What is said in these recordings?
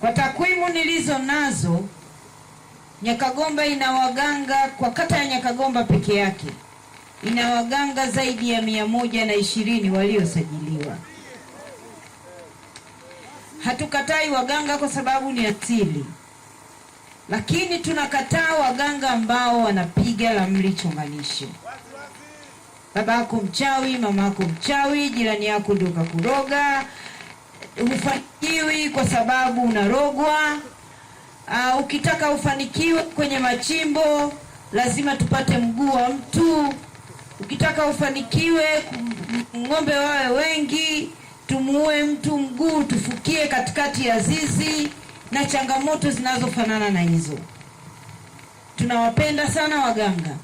Kwa takwimu nilizo nazo, Nyakagomba ina waganga kwa kata ya Nyakagomba peke yake ina waganga zaidi ya mia moja na ishirini waliosajiliwa. Hatukatai waganga kwa sababu ni asili, lakini tunakataa waganga ambao wanapiga ramli chonganishi. yako mchawi, mama yako mchawi, jirani yako ndio kakuroga hufanikiwi kwa sababu unarogwa. Uh, ukitaka ufanikiwe kwenye machimbo lazima tupate mguu wa mtu. Ukitaka ufanikiwe ng'ombe wawe wengi, tumuue mtu mguu, tufukie katikati ya zizi na changamoto zinazofanana na hizo. Tunawapenda sana waganga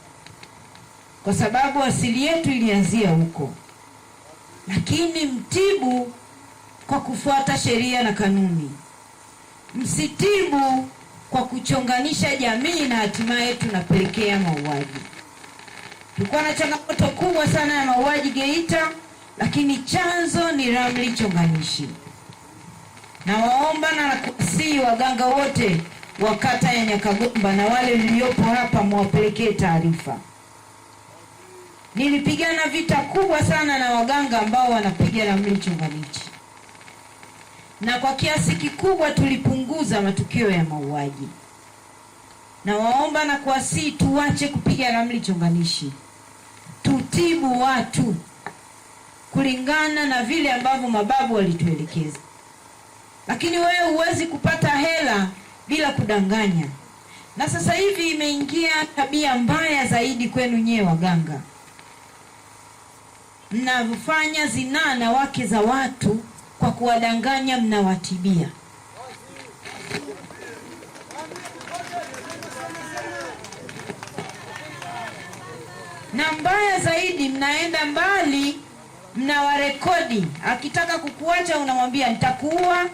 kwa sababu asili yetu ilianzia huko, lakini mtibu kwa kufuata sheria na kanuni. Msitibu kwa kuchonganisha jamii na hatimaye tunapelekea mauaji. Tulikuwa na changamoto kubwa sana ya mauaji Geita, lakini chanzo ni ramli chonganishi. Nawaomba na nakuwasihi waganga wote wa kata ya Nyakagomba na wale mliopo hapa mwapelekee taarifa. Nilipigana vita kubwa sana na waganga ambao wanapiga ramli chonganishi na kwa kiasi kikubwa tulipunguza matukio ya mauaji. Nawaomba na kuwasihi tuache kupiga ramli chonganishi, tutibu watu kulingana na vile ambavyo mababu walituelekeza. Lakini wewe huwezi kupata hela bila kudanganya, na sasa hivi imeingia tabia mbaya zaidi kwenu nyewe waganga, mnafanya zinaa na wake za watu kwa kuwadanganya mnawatibia. Na mbaya zaidi, mnaenda mbali, mnawarekodi. Akitaka kukuacha unamwambia nitakuua.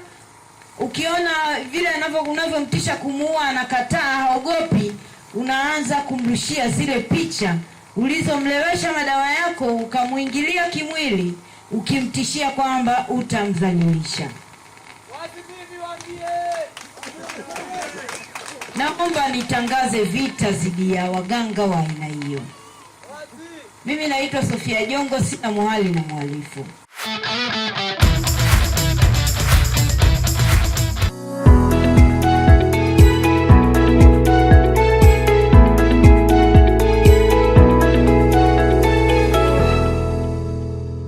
Ukiona vile unavyomtisha kumuua, anakataa, haogopi, unaanza kumrushia zile picha ulizomlewesha madawa yako, ukamwingilia kimwili ukimtishia kwamba utamdhalilisha. Naomba nitangaze vita dhidi ya waganga wa aina hiyo. Mimi naitwa Sofia Jongo, sina muhali na mhalifu.